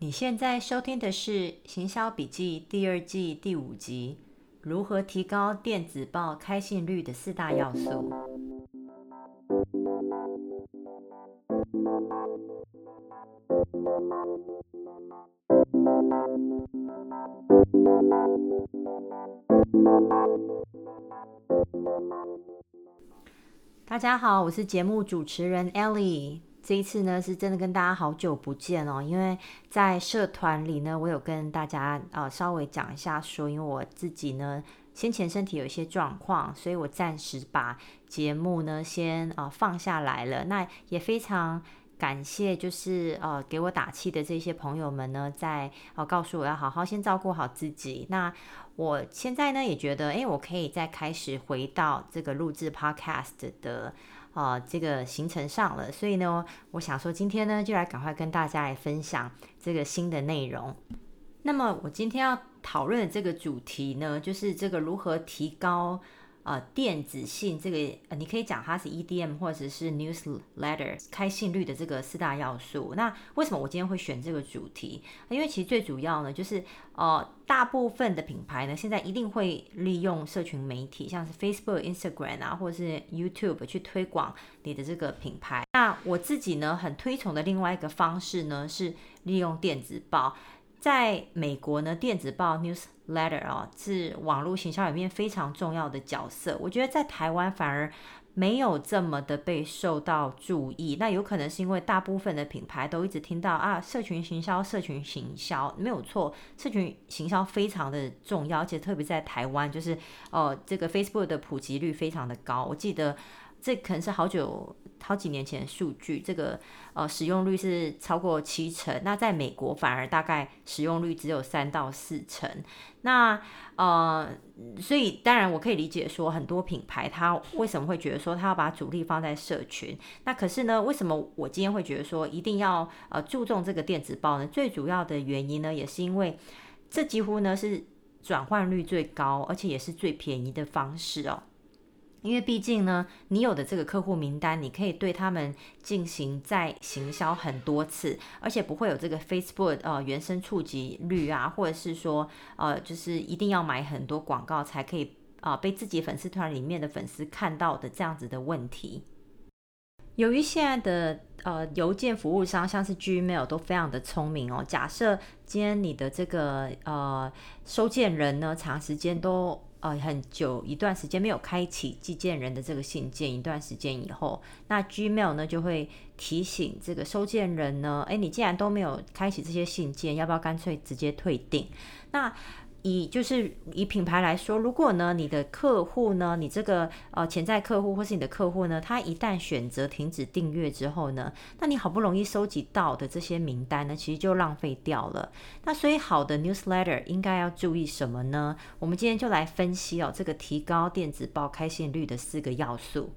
你現在收聽的是《行銷筆記》第二季第五集，《如何提高電子報開信率的四大要素》。大家好，我是節目主持人 Ellie。這一次呢，是真的跟大家好久不見哦。因為在社團裡呢，我有跟大家啊、呃、稍微講一下說，說因為我自己呢先前身體有一些狀況，所以我暫時把節目呢先啊、呃、放下來了。那也非常感謝，就是呃給我打氣的這些朋友們呢，在哦、呃、告訴我要好好先照顧好自己。那我現在呢也覺得，哎，我可以再開始回到這個錄製 Podcast 的。啊，這個行程上了，所以呢，我想說，今天呢，就來趕快跟大家來分享這個新的內容。那麼，我今天要討論的這個主題呢，就是這個如何提高。呃，電子信這個，呃，你可以講它是 EDM 或者是 newsletter 開信率的這個四大要素。那為什麼我今天會選這個主題？因為其實最主要呢，就是呃，大部分的品牌呢，現在一定會利用社群媒體，像是 Facebook、Instagram 啊，或者是 YouTube 去推廣你的這個品牌。那我自己呢，很推崇的另外一個方式呢，是利用電子報。在美國呢，電子報 newsletter 哦是網絡行銷裡面非常重要的角色。我覺得在台灣反而沒有這麼的被受到注意。那有可能是因為大部分的品牌都一直聽到啊，社群行銷，社群行銷沒有錯，社群行銷非常的重要，而且特別在台灣就是哦、呃，這個 Facebook 的普及率非常的高。我記得。這可能是好久好幾年前的數據，這個呃使用率，是超過七成，那在美國反而大概使用率只有三到四成。那呃，所以當然我可以理解說很多品牌它為什麼會覺得說它要把主力放在社群，那可是呢，為什麼我今天會覺得說一定要呃注重這個電子報呢？最主要的原因呢，也是因為這幾乎呢是轉換率最高，而且也是最便宜的方式哦。因為畢竟呢，你有的這個客戶名單，你可以對他們進行再行銷很多次，而且不會有這個 Facebook 呃原生觸及率啊，或者是說呃就是一定要買很多廣告才可以啊、呃、被自己粉絲團裡面的粉絲看到的這樣子的問題。由於現在的呃郵件服務商像是 Gmail 都非常的聰明哦，假設今天你的這個呃收件人呢長時間都。呃，很久一段時間沒有開啟寄件人的這個信件，一段時間以後，那 Gmail 呢就會提醒這個收件人呢，誒、欸，你既然都沒有開啟這些信件，要不要乾脆直接退訂？那。以就是以品牌來說，如果呢你的客戶呢，你這個呃潛在客戶或是你的客戶呢，他一旦選擇停止訂閱之後呢，那你好不容易收集到的這些名單呢，其實就浪費掉了。那所以好的 newsletter 應該要注意什麼呢？我們今天就來分析哦，這個提高電子報開信率的四個要素。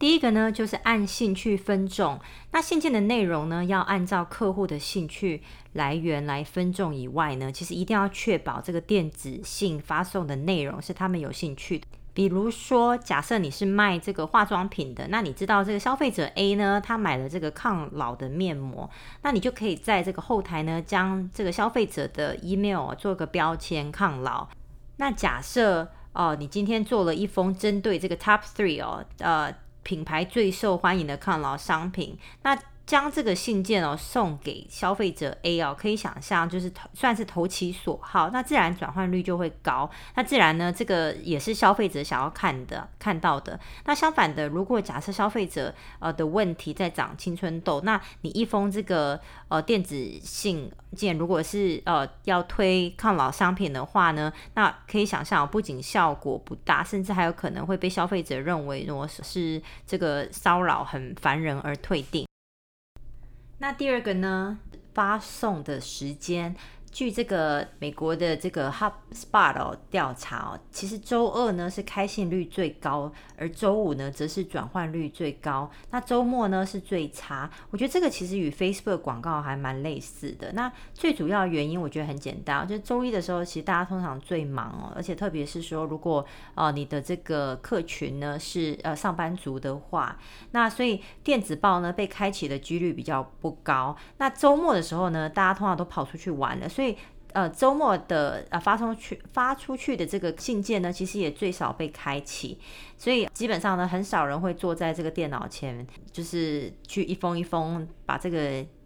第一個呢，就是按興趣分眾。那信件的內容呢，要按照客戶的興趣來源來分眾以外呢，其實一定要確保這個電子信發送的內容是他們有興趣的。比如說，假設你是賣這個化妝品的，那你知道這個消費者 A 呢，他買了這個抗老的面膜，那你就可以在這個後台呢，將這個消費者的 email 做個標籤“抗老”。那假設哦，呃，你今天做了一封針對這個 Top Three 哦，呃。品牌最受歡迎的抗老商品，那，將這個信件哦送給消費者 A 哦，可以想象就是投算是投其所好，那自然轉換率就會高。那自然呢，這個也是消費者想要看的、看到的。那相反的，如果假設消費者呃的問題在長青春痘，那你一封這個呃電子信件，如果是呃要推抗老商品的話呢，那可以想象、哦、不僅效果不大，甚至還有可能會被消費者認為說是這個騷擾很煩人而退訂。那第二個呢，發送的時間。據這個美國的這個 HubSpot 哦調查哦，其實週二呢是開信率最高，而週五呢則是轉換率最高。那週末呢是最差。我覺得這個其實與 Facebook 廣告還蠻類似的。那最主要的原因我覺得很簡單，就是週一的時候其實大家通常最忙哦，而且特別是說如果啊，呃，你的這個客群呢是呃上班族的話，那所以電子報呢被開啟的幾率比較不高。那週末的時候呢，大家通常都跑出去玩了。所以，呃，週末的呃發送去發出去的這個信件呢，其實也最少被開啟，所以基本上呢，很少人會坐在這個電腦前，就是去一封一封把這個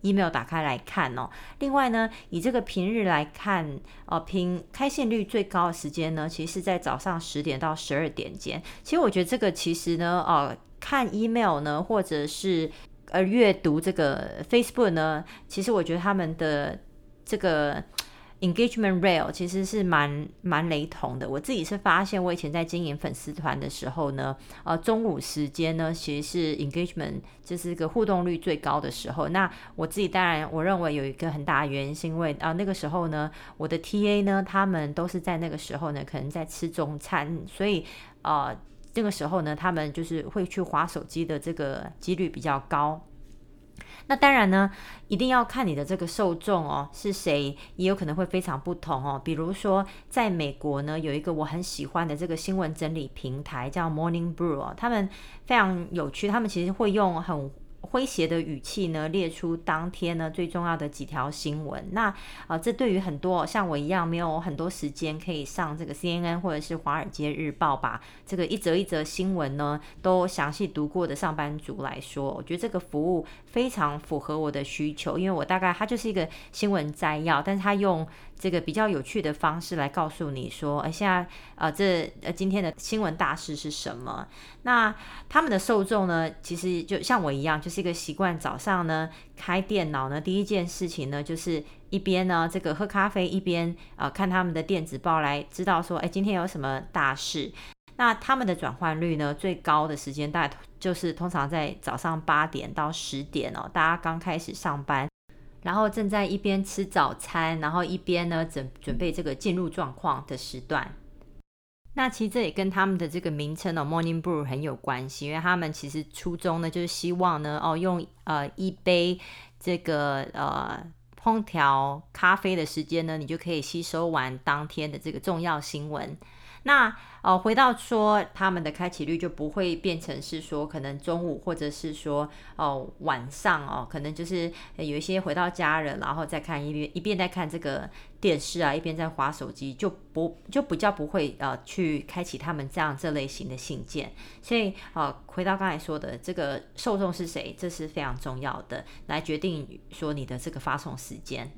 email 打開來看哦。另外呢，以這個平日來看，呃，平開信率最高的時間呢，其實是在早上十點到十二點間。其實我覺得這個其實呢，呃、哦，看 email 呢，或者是呃閱讀這個 Facebook 呢，其實我覺得他們的。這個 engagement rail 其實是蠻蠻雷同的。我自己是發現，我以前在經營粉絲團的時候呢，呃，中午時間呢，其實是 engagement 就是一個互動率最高的時候。那我自己當然，我認為有一個很大的原因，是因為啊、呃，那個時候呢，我的 TA 呢，他們都是在那個時候呢，可能在吃中餐，所以呃，那個時候呢，他們就是會去滑手機的這個幾率比較高。那當然呢，一定要看你的這個受眾哦，是誰，也有可能會非常不同哦。比如說，在美國呢，有一個我很喜歡的這個新聞整理平台叫 Morning Brew 哦，他們非常有趣，他們其實會用很詼諧的語氣呢，列出當天呢，最重要的幾條新聞。那啊、呃，這對於很多像我一樣沒有很多時間可以上這個 CNN 或者是華爾街日報把這個一則一則新聞呢都詳細讀過的上班族來說，我覺得這個服務非常符合我的需求，因為我大概它，就是一個新聞摘要，但是它用這個比較有趣的方式來告訴你說，哎、呃，現在呃，這呃今天的新聞大事是什麼？那他們的受眾呢，其實就像我一樣，就是一個習慣早上呢開電腦呢，第一件事情呢就是一邊呢這個喝咖啡，一邊啊、呃，看他們的電子報，來知道說，哎、呃，今天有什麼大事？那他們的轉換率呢最高的時間大概就是通常在早上八點到十點哦，大家剛開始上班。然後正在一邊吃早餐，然後一邊呢準準備這個進入狀況的時段。那其實這也跟他們的這個名稱的，哦，Morning Brew 很有關係，因為他們其實初衷呢就是希望呢，哦，用呃一杯這個呃烹調咖啡的時間呢，你就可以吸收完當天的這個重要新聞。那哦、呃，回到說他們的開啟率就不會變成是說可能中午或者是說哦、呃、晚上哦，可能就是有一些回到家人，然後再看一邊一邊在看這個電視啊，一邊在滑手機，就不就比較不會呃去開啟他們這樣這類型的信件。所以哦、呃，回到剛才說的這個受眾是誰，這是非常重要的，來決定說你的這個發送時間。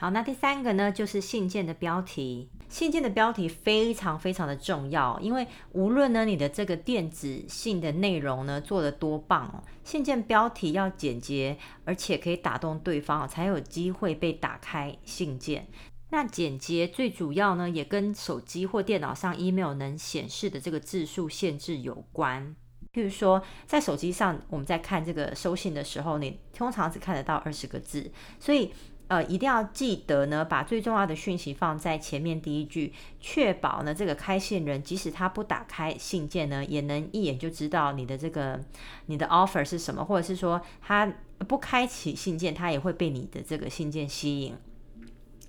好，那第三個呢，就是信件的標題。信件的標題非常非常的重要，因為無論呢你的這個電子信的內容呢做得多棒，信件標題要簡潔，而且可以打動對方哦，才有機會被打開信件。那簡潔最主要呢，也跟手機或電腦上 email 能顯示的這個字數限制有關。譬如說，在手機上我們在看這個收信的時候，你通常只看得到二十個字，所以。呃，一定要記得呢，把最重要的訊息放在前面第一句，確保呢這個開信人即使他不打開信件呢，也能一眼就知道你的這個你的 offer 是什麼，或者是說他不開啟信件，他也會被你的這個信件吸引。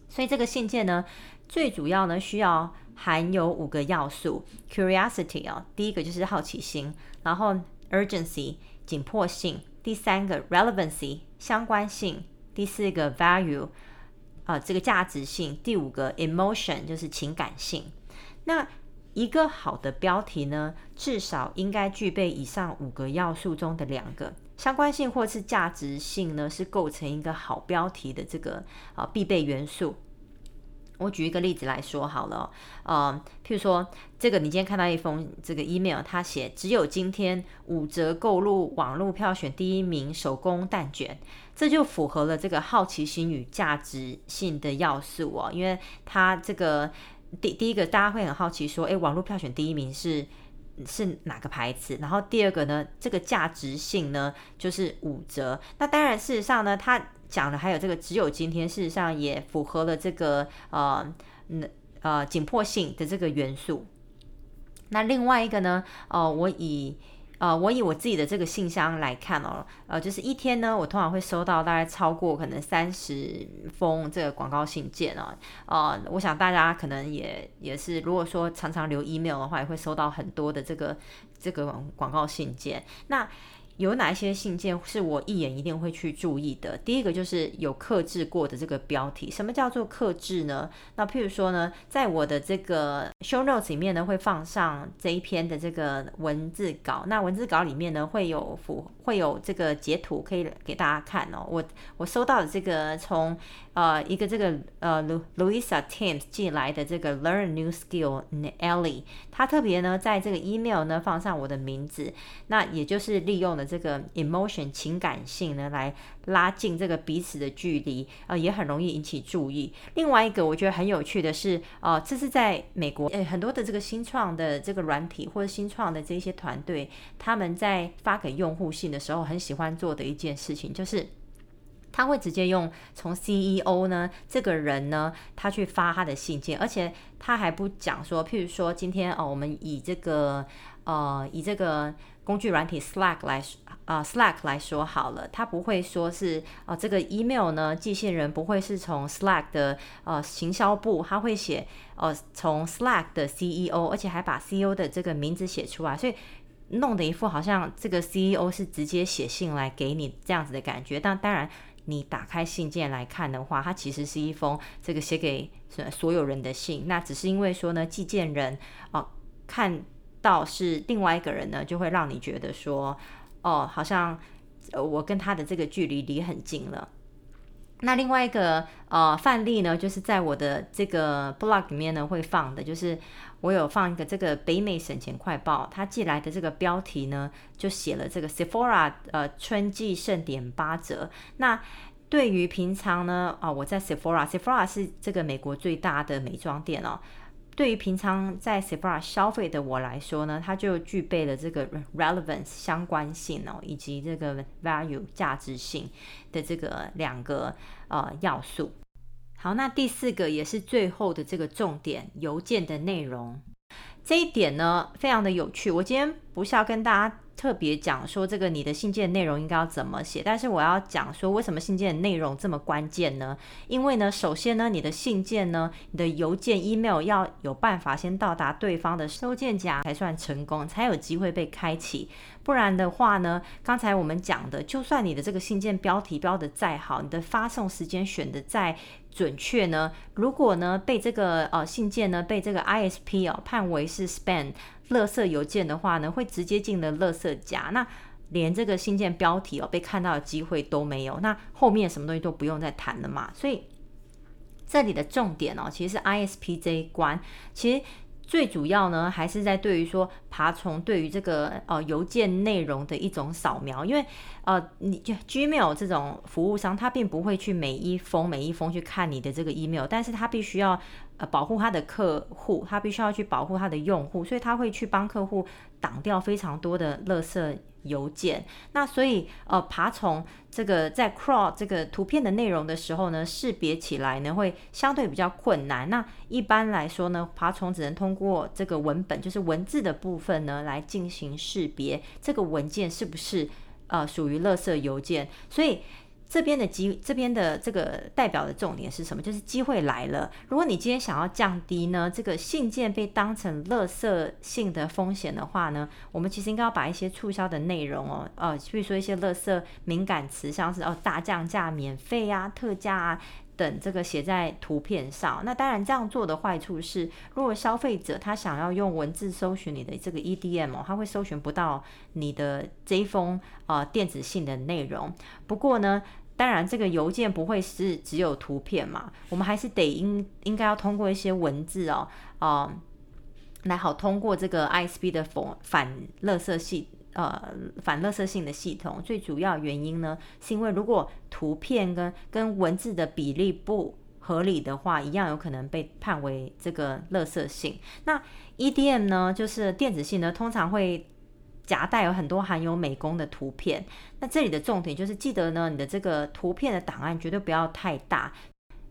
所以這個信件呢，最主要呢需要含有五個要素：curiosity 啊，哦，第一個就是好奇心，然後 urgency 緊迫性，第三個 relevancy，相關性。第四個 value，啊，這個價值性；第五個 emotion，就是情感性。那一個好的標題呢，至少應該具備以上五個要素中的兩個，相關性或是價值性呢，是構成一個好標題的這個啊必備元素。我舉一個例子來說好了，呃，譬如說，這個你今天看到一封這個 email，它寫只有今天五折購入網絡票選第一名手工蛋卷，這就符合了這個好奇心與價值性的要素哦，因為它這個第第一個大家會很好奇說，誒，網絡票選第一名是是哪個牌子？然後第二個呢，這個價值性呢就是五折，那當然事實上呢，它講了，還有這個只有今天，事實上也符合了這個呃，那呃緊迫性的這個元素。那另外一個呢，呃，我以呃我以我自己的這個信箱來看哦，呃，就是一天呢，我通常會收到大概超過可能三十封這個廣告信件哦。呃，我想大家可能也也是，如果說常常留 email 的話，也會收到很多的這個這個廣廣告信件。那有哪一些信件是我一眼一定會去注意的？第一個就是有客製過的這個標題。什麼叫做客製呢？那譬如說呢，在我的這個 show notes 裡面呢，會放上這一篇的這個文字稿。那文字稿裡面呢，會有符，會有這個截圖可以給大家看哦。我我收到的這個從呃一個這個呃 Louisa Team 寄來的這個 Learn New Skill Ellie，他特別呢在這個 email 呢放上我的名字，那也就是利用了。這個 emotion 情感性呢，來拉近這個彼此的距離啊、呃，也很容易引起注意。另外一個我覺得很有趣的是，哦、呃，這是在美國，誒，很多的這個新創的這個軟體或者新創的這些團隊，他們在發給用戶信的時候，很喜歡做的一件事情，就是他會直接用從 CEO 呢這個人呢，他去發他的信件，而且他還不講說，譬如說今天哦、呃，我們以這個呃，以這個。工具軟體 Slack 來說，啊、uh,Slack 來說好了，它不會說是，啊、uh,，這個 email 呢，寄信人，不會是從 Slack 的呃、uh, 行銷部，他會寫，呃，從 Slack 的 CEO，而且還把 CEO 的這個名字寫出來，所以弄得一副好像這個 CEO 是直接寫信來給你這樣子的感覺。但當然，你打開信件來看的話，它其實是一封這個寫給所所有人的信，那只是因為說呢，寄件人哦、uh, 看。倒是另外一個人呢，就會讓你覺得說，哦，好像呃我跟他的這個距離離很近了。那另外一個呃範例呢，就是在我的這個 blog 裡面呢會放的，就是我有放一個這個北美省錢快報，他寄來的這個標題呢就寫了這個 Sephora 呃春季盛典八折。那對於平常呢啊，哦，我在 Sephora，Sephora Sephora 是這個美國最大的美妝店哦。對於平常在 Sephora 消費的我來說呢，它就具備了這個 relevance 相關性哦，以及這個 value 價值性的這個兩個呃要素。好，那第四個也是最後的這個重點，郵件的內容。這一點呢，非常的有趣。我今天不是要跟大家特別講說這個你的信件內容應該要怎麼寫，但是我要講說為什麼信件內容這麼關鍵呢？因為呢，首先呢，你的信件呢，你的郵件 email 要有辦法先到達對方的收件夾才算成功，才有機會被開啟。不然的話呢，剛才我們講的，就算你的這個信件標題標的再好，你的發送時間選的再準確呢，如果呢被這個呃信件呢被這個 ISP 哦判為是 spam 垃圾郵件的話呢，會直接進了垃圾夾。那連這個信件標題哦，被看到的機會都沒有，那後面什麼東西都不用再談了嘛。所以這裡的重點哦，其實是 ISP 這一關，其實。最主要呢，還是在對於說爬蟲對於這個哦、呃、郵件內容的一種掃描，因為呃，你 Gmail 這種服務商，他並不會去每一封每一封去看你的這個 email，但是他必須要呃保護他的客戶，他必須要去保護他的用戶，所以他會去幫客戶擋掉非常多的垃圾。郵件，那所以呃，爬蟲這個在 crawl 這個圖片的內容的時候呢，識別起來呢會相對比較困難。那一般來說呢，爬蟲只能通過這個文本，就是文字的部分呢來進行識別，這個文件是不是呃屬於垃圾郵件？所以。這邊的機，這邊的這個代表的重點是什麼？就是機會來了。如果你今天想要降低呢，這個信件被當成垃圾信的風險的話呢，我們其實應該要把一些促銷的內容哦，呃，比如說一些垃圾敏感詞，像是哦，大降價、免費啊、特價啊。等這個寫在圖片上，那當然這樣做的壞處是，如果消費者他想要用文字搜尋你的這個 EDM 哦，他會搜尋不到你的這一封啊、呃、電子信的內容。不過呢，當然這個郵件不會是只有圖片嘛，我們還是得應應該要通過一些文字哦，嗯、呃，來好通過這個 ISP 的反反垃圾系。呃，反垃圾性的系統最主要原因呢，是因為如果圖片跟跟文字的比例不合理的話，一樣有可能被判為這個垃圾性。那 EDM 呢，就是電子信呢，通常會夾帶有很多含有美工的圖片。那這裡的重點就是，記得呢，你的這個圖片的檔案絕對不要太大，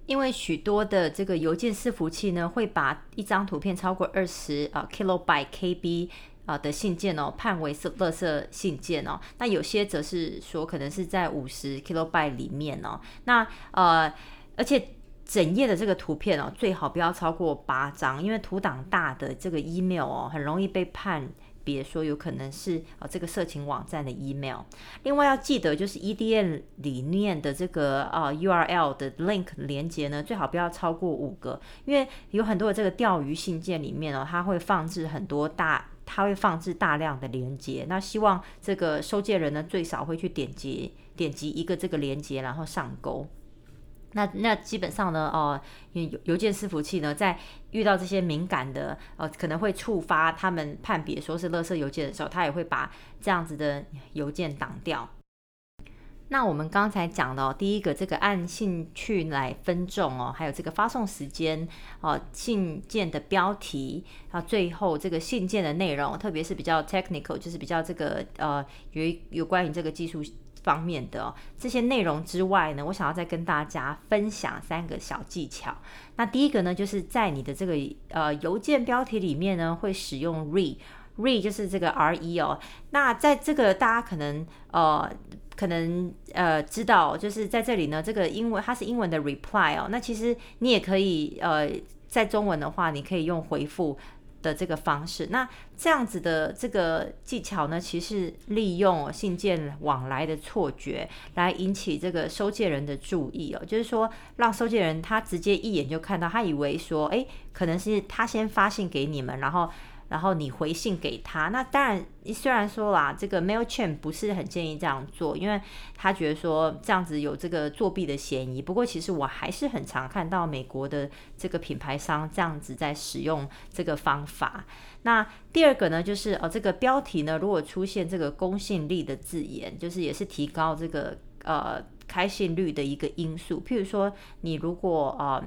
因為許多的這個郵件伺服器呢，會把一張圖片超過二十 kilobyte KB。啊的信件哦，判為是垃圾信件哦。那有些則是說，可能是在五十 kilo byte 裡面哦。那呃，而且整頁的這個圖片哦，最好不要超過八張，因為圖檔大的這個 email 哦，很容易被判別說有可能是啊這個色情網站的 email。另外要記得就是 EDM 裡面的這個啊 URL 的 link 連結呢，最好不要超過五個，因為有很多的這個釣魚信件裡面哦，它會放置很多大。它會放置大量的連接，那希望這個收件人呢最少會去點擊點擊一個這個連接，然後上鈎。那那基本上呢，哦、呃，郵件伺服器呢在遇到這些敏感的，哦、呃，可能會觸發他們判別說是垃圾郵件的時候，他也會把這樣子的郵件擋掉。那我們剛才講了、哦、第一個，這個按興趣來分眾哦，還有這個發送時間哦、呃，信件的標題啊，然後最後這個信件的內容，特別是比較 technical，就是比較這個呃有有關於這個技術方面的、哦、這些內容之外呢，我想要再跟大家分享三個小技巧。那第一個呢，就是在你的這個呃郵件標題裡面呢，會使用 re。Re 就是這個 RE 哦，那在這個大家可能呃可能呃知道，就是在這裡呢，這個英文它是英文的 reply 哦。那其實你也可以呃在中文的話，你可以用回復的這個方式。那這樣子的這個技巧呢，其實利用信件往來的錯覺來引起這個收件人的注意哦，就是說讓收件人他直接一眼就看到，他以為說誒可能是他先發信給你們，然後。然後你回信給他，那當然，雖然說啦，這個 MailChimp 不是很建議這樣做，因為他覺得說這樣子有這個作弊的嫌疑。不過其實我還是很常看到美國的這個品牌商這樣子在使用這個方法。那第二個呢，就是哦，這個標題呢，如果出現這個公信力的字眼，就是也是提高這個呃開信率的一個因素。譬如說，你如果啊。呃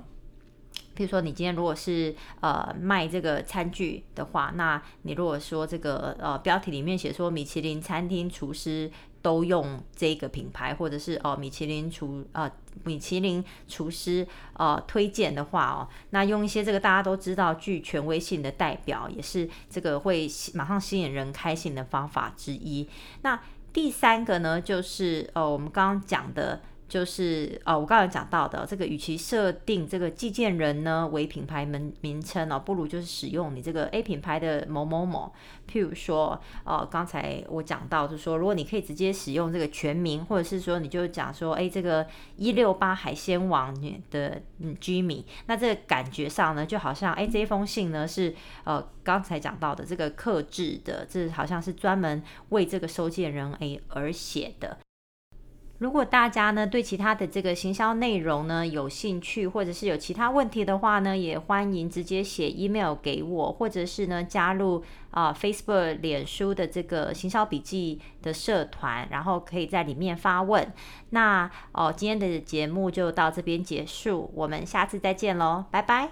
比如說，你今天如果是呃賣這個餐具的話，那你如果說這個呃標題裡面寫說米其林餐廳廚師都用這個品牌，或者是哦、呃、米其林廚呃米其林廚師呃推薦的話哦，那用一些這個大家都知道具權威性的代表，也是這個會馬上吸引人開信的方法之一。那第三個呢，就是呃我們剛剛講的。就是哦，我剛才講到的這個，與其設定這個寄件人呢為品牌名名稱哦，不如就是使用你這個 A 品牌的某某某。譬如說，哦，剛才我講到，就是說，如果你可以直接使用這個全名，或者是說，你就講說，哎，這個一六八海鮮網的居民，嗯、Jimmy, 那這個感覺上呢，就好像，哎，這一封信呢是，呃，剛才講到的這個客製的，這好像是專門為這個收件人哎而寫的。如果大家呢對其他的這個行銷內容呢有興趣，或者是有其他問題的話呢，也歡迎直接寫 email 給我，或者是呢加入啊、呃、Facebook 臉書的這個行銷筆記的社團，然後可以在裡面發問。那哦、呃，今天的節目就到這邊結束，我們下次再見嘍，拜拜。